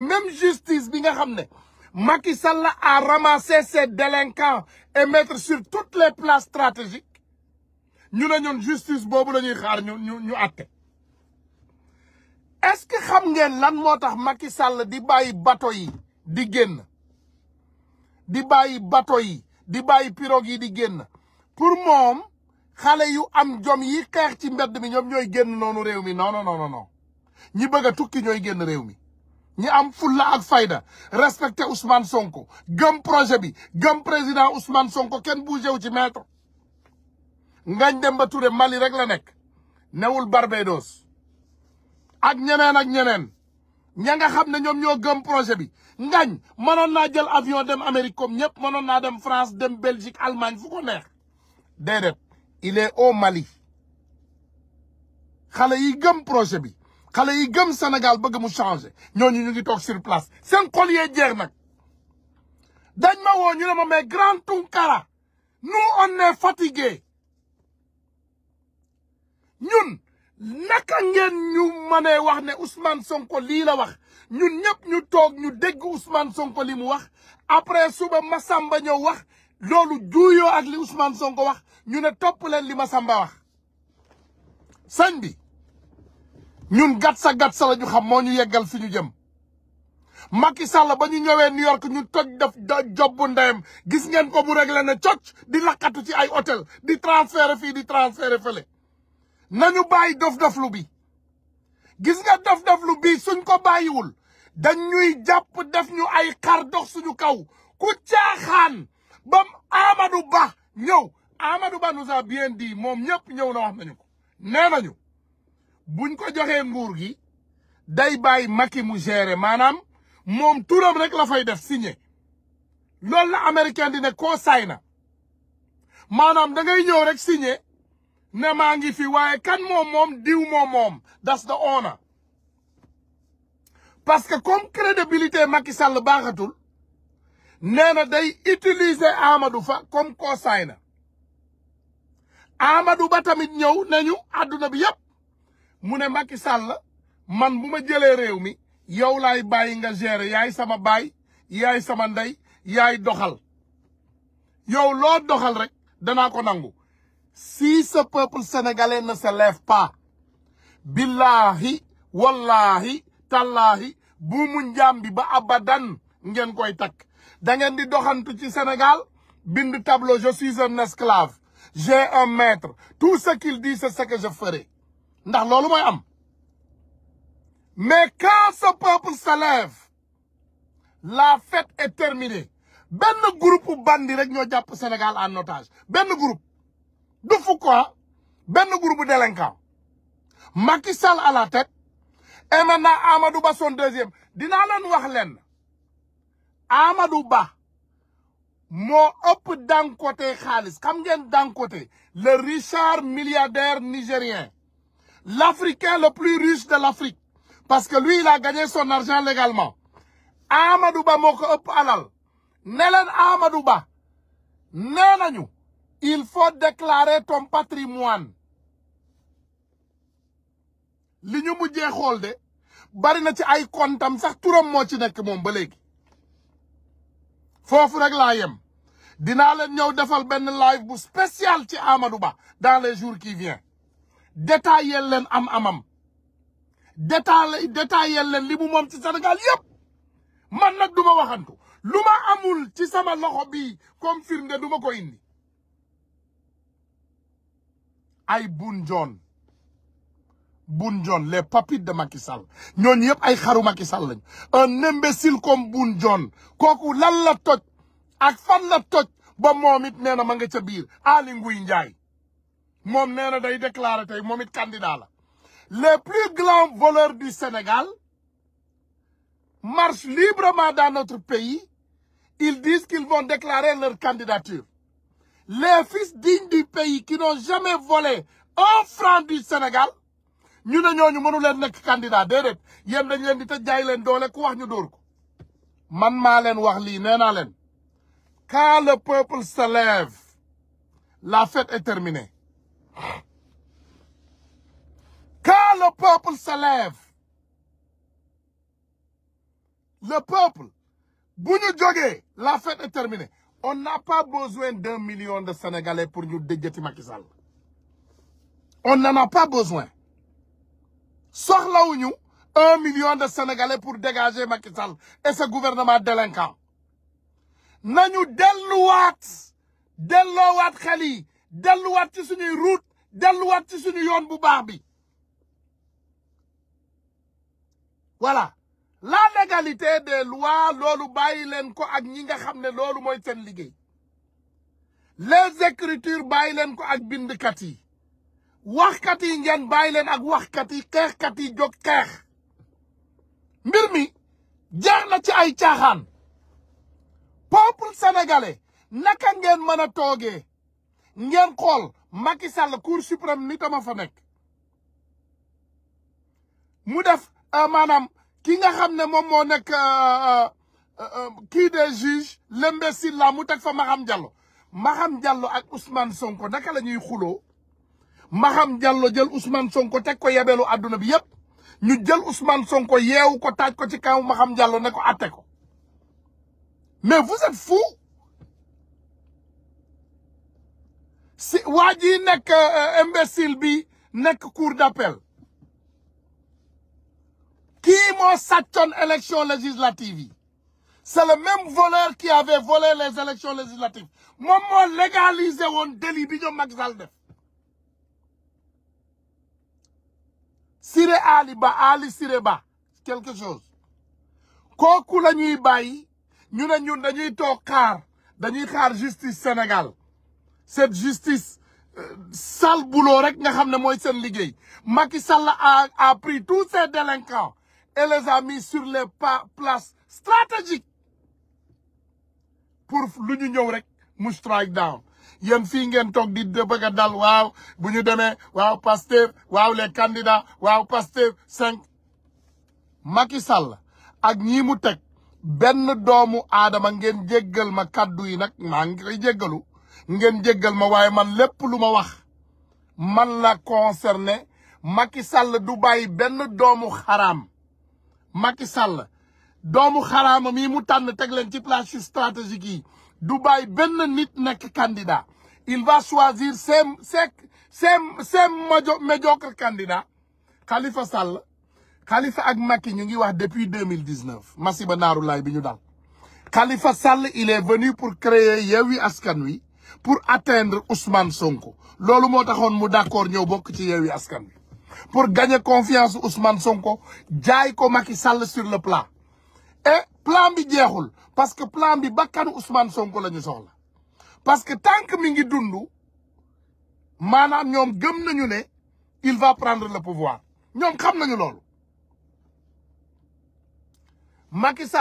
même justice bi nga xam ne Macky la a ramassé ses délinquants et mettre sur toutes les places stratégiques ñu ne ñun justice boobu la xaar ñu ñu ñu àtte est que xam ngeen lan moo tax Macky Sall di bàyyi bato yi di génn di bàyyi bateau yi di bàyyi pirogue yi di génn pour moom xale yu am jom yi xeex ci mbedd mi ñoom ñooy génn noonu réew mi non non non non ñi bëgg a tukki ñooy génn réew mi. ñi am fulla ak fayda respecté Ousmane Sonko gëm projet bi gëm président Ousmane Sonko kenn bougé wu ci maître dem Demba Touré Mali rek la nekk newul Barbados ak ñeneen ak ñeneen ña nga xam ne ñoom ñoo gëm projet bi Ngagne mënoon naa jël avion dem Amérique comme ñëpp mënoon naa dem France dem Belgique Allemagne fu ko neex déedéet il est au Mali xale yi gëm projet bi xale yi gëm Sénégal bëgg mu changé ñooñu ñu ngi toog sur place seen xol yee jeex nag dañ ma woo ñu ne ma mais grand Tounkara nous on est fatigué ñun naka ngeen ñu mënee wax ne Ousmane Sonko lii la wax ñun ñëpp ñu toog ñu dégg Ousmane Sonko li mu wax après suba Massamba ñëw wax loolu juuyoo ak li Ousmane Sonko wax ñu ne topp leen li Massamba wax sëñ bi ñun gàtt sa gàtt la ñu xam moo ñu yeggal suñu ñu jëm Macky Sall ba ñu ñëwee New York ñu toj def jobbu ndeyam gis ngeen ko bu réglé ne coc di lakkatu ci ay hôtel di transféré fii di transféré fële nañu bàyyi dof-doflu bi gis nga dof lu bi suñ ko bàyyiwul dañ ñuy jàpp def ñu ay xar dox suñu kaw ku caaxaan bam Amadou Ba ñëw Amadou Ba nous a bien dit moom ñëpp ñëw na wax nañu ko nee nañu buñ ko joxee nguur gi day bàyyi Macky mu gérer maanaam moom turam rek la fay def signé loolu la américain di ne koo saay na maanaam da ngay ñëw rek signé ne maa ngi fi waaye kan moom moom diw moom moom das da oona parce que comme crédibilité Macky Sall baaxatul nee na day utiliser Amadou Fa comme koo saay na Amadou Ba tamit ñëw nañu àdduna bi yëpp mu ne Macky Sall man bu ma jëlee réew mi yow laay bàyyi nga gérer yaay sama baay yay sama ndey yay doxal yow loo doxal rek danaa ko nangu si ce peuple sénégalais ne se lève pas billahi wallahi buumu njaam bi ba abadan ngeen koy takk da di doxant ci senegal bind tableau je suis un esclave j'ai un maître tout ce qu'il dit c'est ce que ndax loolu mooy am mais quand ce peuple se lève la fête est terminée benn groupe bandi rek ñoo jàpp senegal en otage benn groupe du Foucault ah. benn groupe délinquant Macky Sall à la tête et son deuxième dinaa leen wax leen Amadou Ba moo ëpp dànkote xaalis xam ngeen dànkote le Richard milliardaire nigérien l'Africain le plus riche de l'Afrique parce que lui la a gagné son argent légalement Amadou Ba moo ko ëpp alal ne leen nee nañu il faut déclarer ton patrimoine li ñu mujjee xool de bari na ci ay kontam sax turam moo ci nekk moom ba léegi foofu rek laa dinaa leen ñëw defal benn live bu spécial ci Amadou Ba dans les jours qui viennent détaillé leen am amam détaillé détaillé leen li mu moom ci senegal yëpp man nag duma ma waxantu lu ma amul ci sama loxo bii comme firnde du ma ko indi ay Boun Dionne Boun Dionne les papiers de Macky Sall ñooñu yëpp ay xaru Macky Sall lañ un imbécile comme Boun Dionne kooku lan la toj ak fan ba moom it nee na ma nga ca biir Aly Ngouille Ndiaye moom nee day déclaré tey moom it candidat la les plus grands voleurs du Sénégal marchent librement dans notre pays ils disent qu'ils vont déclarer leur candidature les fils dignes du pays qui n'ont jamais volé un franc du Sénégal ñu ne ñooñu mënu leen nekk candidat déedéet yéen dañ leen di tëj jaay leen doole ku wax ñu dóor ko man maa leen wax lii nee naa leen quand le peuple se la fête est terminée Quand le peuple se le peuple, Bougnou Djogé, la fête est terminée. On n'a pas besoin d'un million de Sénégalais pour nous déjeter Macky Sall. On n'en a pas besoin. Soxlawuñu un million de Sénégalais pour dégager Macky et ce gouvernement délinquant. nañu delluwaat delloowaat xel yi delluwaat ci suñuy route delluwaat ci suñu yoon bu baax bi voilà la légalité des lois loolu bàyyi leen ko ak ñi nga xam ne loolu mooy seen liggéey les écritures bàyyi ko ak bindkat yi waxkat yi ngeen bàyyi leen ak waxkat yi xeexkat yi jóg xeex mbir mi jaar na ci ay caaxaan peuple sénégalais naka ngeen mën a tooge ngeen xool Macky Sall cour suprême ni tama fa nekk mu def euh, maanaam ki nga xam ne moom moo nekk euh, euh, kii des juges l'imbécile la mu teg fa Maham Diallo Maham Diallo ak Ousmane Sonko naka la ñuy xuloo Maham Diallo jël Ousmane Sonko teg ko yebelu àdduna bi yépp ñu jël Ousmane Sonko yeewu ko taaj ko ci kaw Maham Diallo ne ko atte ko mais vous êtes si waa ji nekk euh, imbécile bi nekk cour d'appel kii moo sàccoon élection législative yi c'est le même voleur qui avait volé les élections législatives moom moo légalisé woon délit bi ñoom Macky Sall def Siré Ali Ba Ali Siré Ba quelque chose kooku la ñuy bàyyi ñu ne ñun dañuy toog xaar dañuy xaar justice Sénégal cette justice euh, sale boulot rek nga xam ne mooy seen liggéey Macky Sall a a pris tous ces délinquants et les a mis sur les places stratégiques pour lu ñu ñëw rek mu strike down yéen fii ngeen toog di bëgg a dal waaw bu ñu demee waw Pastef waaw les candidats waaw Pastef cinq maki Sall ak ñi mu teg benn doomu aadama ngeen jéggal ma kaddu yi nag maa ngi koy jéggalu ngeen jéggal ma waaye man lépp lu ma wax man la concerné Macky Sall du bàyyi benn doomu xaraam Macky Sall doomu xaraama yi mu tànn teg leen ci place stratégique yi du bàyyi benn nit nekk candidat il va choisir ses ses ses ses médiocre candidat Khalifa Sall Khalifa ak Macky ñu ngi wax depuis deux mille dix neuf masiba naaru laay bi ñu dal Khalifa Sall il est venu pour créer Yewwi Askan Wi pour atteindre Ousmane Sonko loolu moo taxoon mu d'accord ñëw bokk ci Yewwi Askan Wi pour gañe confiance Ousmane Sonko jaay ko Macky Sall sur le plan et plan bi jeexul parce que plan bi bakkanu Sonko la ñu soxla parce que tant mi ngi dundu maanaam ñoom gëm nañu ne il va prendre le pouvoir ñoom xam nañu loolu Macky Sall